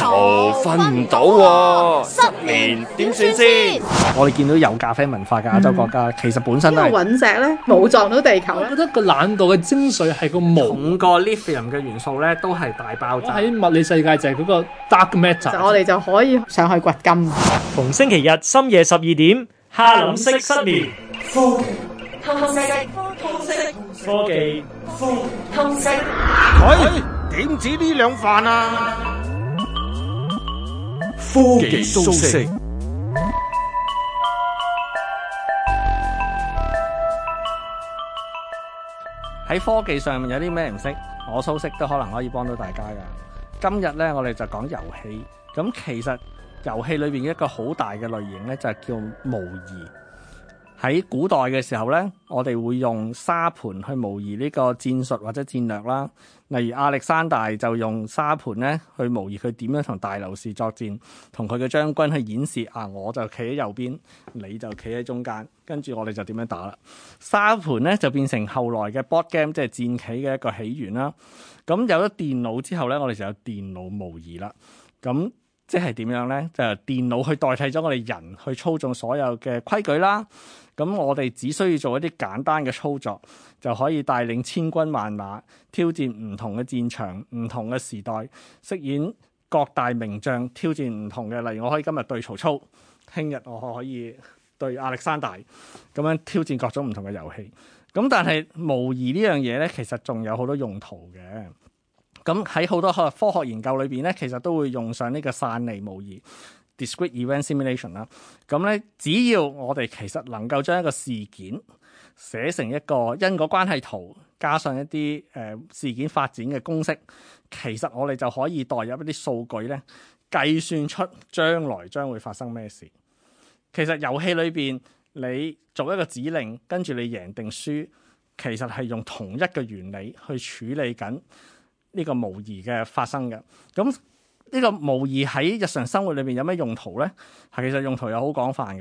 吵瞓唔到，失眠點算先？我哋見到有咖啡文化嘅亞洲國家，其實本身都係隕石咧，冇撞到地球咧。我覺得個懶惰嘅精髓係個冇個 lithium 嘅元素咧，都係大爆炸喺物理世界就係嗰個 dark matter。我哋就可以上去掘金。逢星期日深夜十二點，哈林式失眠。科技通識，科技通識，佢點止呢兩飯啊？科技蘇軾喺科技上面有啲咩唔識？我蘇軾都可能可以幫到大家㗎。今日呢，我哋就講遊戲。咁其實遊戲裏邊一個好大嘅類型呢，就係叫模擬。喺古代嘅時候咧，我哋會用沙盤去模擬呢個戰術或者戰略啦。例如亞歷山大就用沙盤咧去模擬佢點樣同大流士作戰，同佢嘅將軍去演示。啊，我就企喺右邊，你就企喺中間，跟住我哋就點樣打啦。沙盤咧就變成後來嘅 board game，即係戰棋嘅一個起源啦。咁有咗電腦之後咧，我哋就有電腦模擬啦。咁即係點樣咧？就由電腦去代替咗我哋人去操縱所有嘅規矩啦。咁我哋只需要做一啲簡單嘅操作，就可以帶領千軍萬馬挑戰唔同嘅戰場、唔同嘅時代，飾演各大名將，挑戰唔同嘅。例如，我可以今日對曹操，聽日我可以對亞歷山大，咁樣挑戰各種唔同嘅遊戲。咁但係模擬呢樣嘢咧，其實仲有好多用途嘅。咁喺好多科學研究裏邊咧，其實都會用上呢個散離模擬 （discrete event simulation） 啦。咁咧，只要我哋其實能夠將一個事件寫成一個因果關係圖，加上一啲誒、呃、事件發展嘅公式，其實我哋就可以代入一啲數據咧，計算出將來將會發生咩事。其實遊戲裏邊你做一個指令，跟住你贏定輸，其實係用同一個原理去處理緊。呢個模擬嘅發生嘅，咁、這、呢個模擬喺日常生活裏邊有咩用途咧？係其實用途又好廣泛嘅，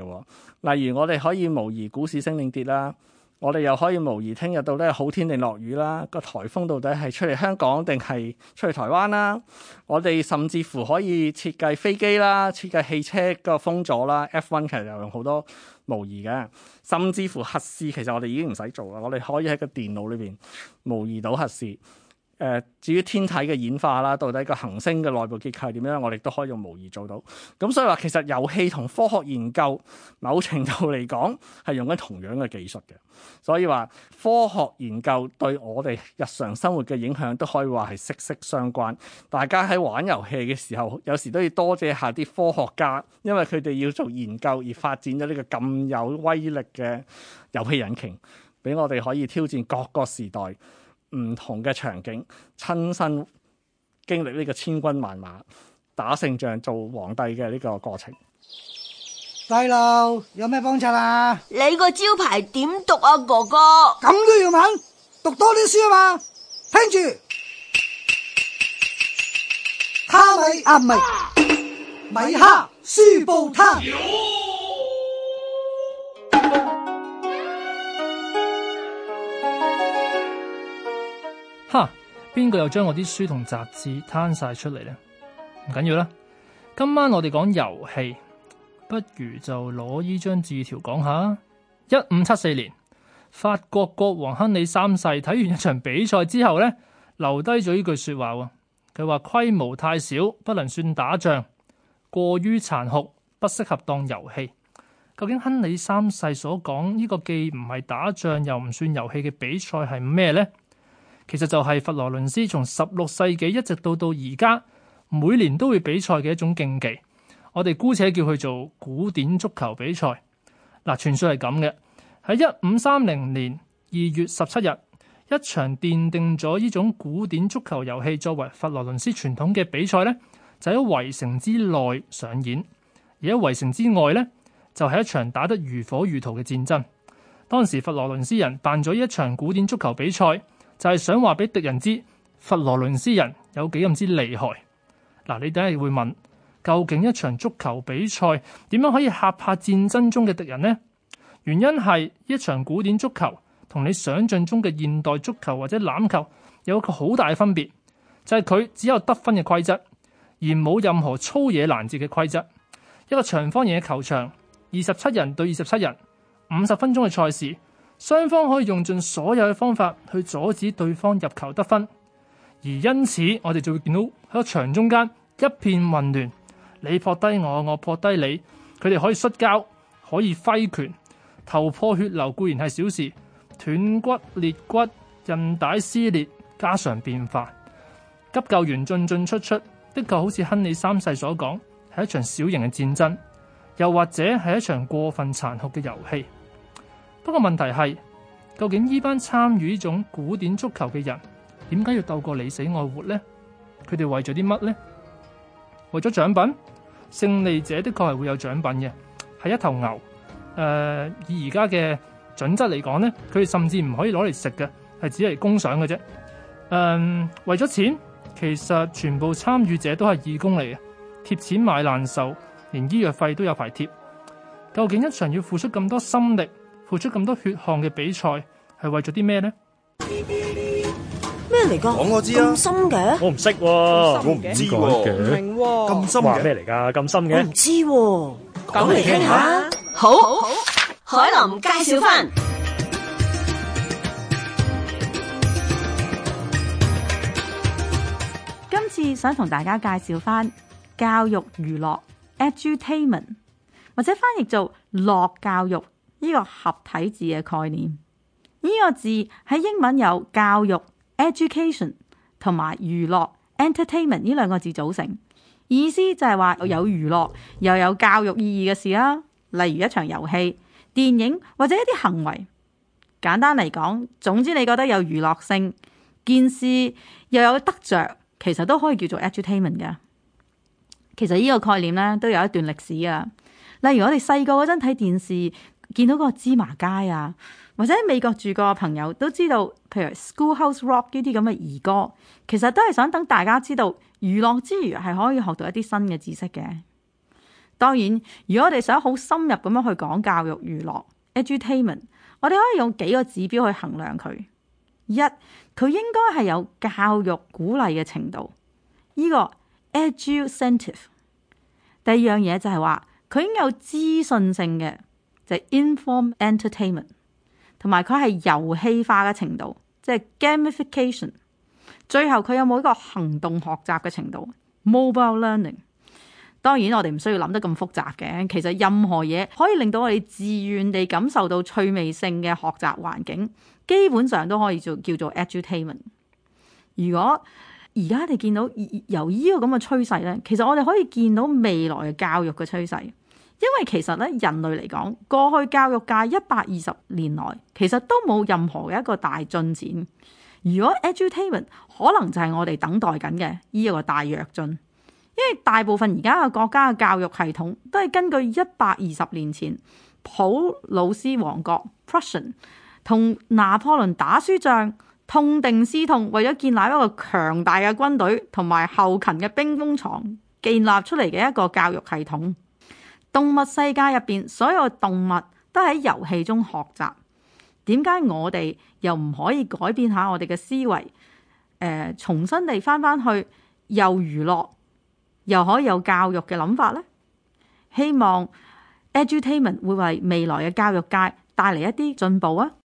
例如我哋可以模擬股市升定跌啦，我哋又可以模擬聽日到底係好天定落雨啦，個颱風到底係出嚟香港定係出嚟台灣啦，我哋甚至乎可以設計飛機啦，設計汽車個風阻啦，F1 其實又用好多模擬嘅，甚至乎核試其實我哋已經唔使做啦，我哋可以喺個電腦裏邊模擬到核試。誒，至於天體嘅演化啦，到底個恒星嘅內部結構係點樣，我哋都可以用模擬做到。咁所以話，其實遊戲同科學研究某程度嚟講係用緊同樣嘅技術嘅。所以話，科學研究對我哋日常生活嘅影響都可以話係息息相關。大家喺玩遊戲嘅時候，有時都要多謝下啲科學家，因為佢哋要做研究而發展咗呢個咁有威力嘅遊戲引擎，俾我哋可以挑戰各個時代。唔同嘅場景，親身經歷呢個千軍萬馬打勝仗、做皇帝嘅呢個過程。細路有咩幫襯啊？你個招牌點讀啊，哥哥？咁都要問？讀多啲書啊嘛！聽住，蝦米啊？唔係，米蝦書報攤。邊個又將我啲書同雜誌攤曬出嚟呢？唔緊要啦，今晚我哋講遊戲，不如就攞依張字條講下。一五七四年，法國國王亨利三世睇完一場比賽之後呢，留低咗呢句說話啊。佢話規模太少，不能算打仗，過於殘酷，不適合當遊戲。究竟亨利三世所講呢個既唔係打仗又唔算遊戲嘅比賽係咩呢？其實就係佛羅倫斯從十六世紀一直到到而家每年都會比賽嘅一種競技。我哋姑且叫佢做古典足球比賽。嗱、啊，傳說係咁嘅，喺一五三零年二月十七日，一場奠定咗呢種古典足球遊戲作為佛羅倫斯傳統嘅比賽咧，就喺圍城之內上演。而喺圍城之外咧，就係、是、一場打得如火如荼嘅戰爭。當時佛羅倫斯人辦咗一場古典足球比賽。就係想話俾敵人知佛羅倫斯人有幾咁之厲害。嗱，你等一下會問究竟一場足球比賽點樣可以嚇怕戰爭中嘅敵人呢？原因係一場古典足球同你想象中嘅現代足球或者欖球有一個好大嘅分別，就係佢只有得分嘅規則，而冇任何粗野攔截嘅規則。一個長方形嘅球場，二十七人對二十七人，五十分鐘嘅賽事。雙方可以用盡所有嘅方法去阻止對方入球得分，而因此我哋就會見到喺個場中間一片混亂，你撲低我，我撲低你，佢哋可以摔跤，可以揮拳，頭破血流固然係小事，斷骨裂骨、韌帶撕裂家常便飯，急救員進進出出，的確好似亨利三世所講，係一場小型嘅戰爭，又或者係一場過分殘酷嘅遊戲。不過問題係，究竟依班參與呢種古典足球嘅人，點解要鬥過你死我活呢？佢哋為咗啲乜呢？為咗獎品，勝利者的確係會有獎品嘅，係一頭牛。誒、呃，以而家嘅準則嚟講呢，佢哋甚至唔可以攞嚟食嘅，係只係供賞嘅啫。誒、呃，為咗錢，其實全部參與者都係義工嚟嘅，貼錢買難受，連醫藥費都有排貼。究竟一場要付出咁多心力，付出咁多血汗嘅比賽係為咗啲咩呢？咩嚟噶，講我知啊，咁深嘅？我唔識，我唔知嘅，咁深嘅咩嚟噶？咁深嘅我唔知，講嚟聽下。好，海林介紹翻。今次想同大家介紹翻教育娛樂 edutainment，或者翻譯做樂教育。呢個合體字嘅概念，呢、這個字喺英文有教育 （education） 同埋娛樂 （entertainment） 呢兩個字組成，意思就係話有娛樂又有教育意義嘅事啦，例如一場遊戲、電影或者一啲行為。簡單嚟講，總之你覺得有娛樂性，件事又有得着，其實都可以叫做 edutainment 嘅。其實呢個概念咧，都有一段歷史啊，例如我哋細個嗰陣睇電視。見到個芝麻街啊，或者喺美國住過嘅朋友都知道，譬如 Schoolhouse Rock 呢啲咁嘅兒歌，其實都係想等大家知道，娛樂之餘係可以學到一啲新嘅知識嘅。當然，如果我哋想好深入咁樣去講教育娛樂 Edutainment，我哋可以用幾個指標去衡量佢。一，佢應該係有教育鼓勵嘅程度，依、這個 education。第二樣嘢就係話，佢應有資訊性嘅。就係 inform entertainment，同埋佢係遊戲化嘅程度，即係 gamification。最後佢有冇一個行動學習嘅程度，mobile learning。當然我哋唔需要諗得咁複雜嘅，其實任何嘢可以令到我哋自願地感受到趣味性嘅學習環境，基本上都可以做叫做 edutainment。如果而家你見到由呢個咁嘅趨勢咧，其實我哋可以見到未來嘅教育嘅趨勢。因為其實咧，人類嚟講，過去教育界一百二十年內，其實都冇任何嘅一個大進展。如果 Edutainment 可能就係我哋等待緊嘅呢一個大躍進，因為大部分而家嘅國家嘅教育系統都係根據一百二十年前普魯斯王國 （Prussian） 同拿破崙打輸仗，痛定思痛，為咗建立一個強大嘅軍隊同埋後勤嘅兵工廠，建立出嚟嘅一個教育系統。動物世界入邊所有動物都喺遊戲中學習，點解我哋又唔可以改變下我哋嘅思維？誒、呃，重新地翻翻去又娛樂又可以有教育嘅諗法咧？希望 edutainment 會為未來嘅教育界帶嚟一啲進步啊！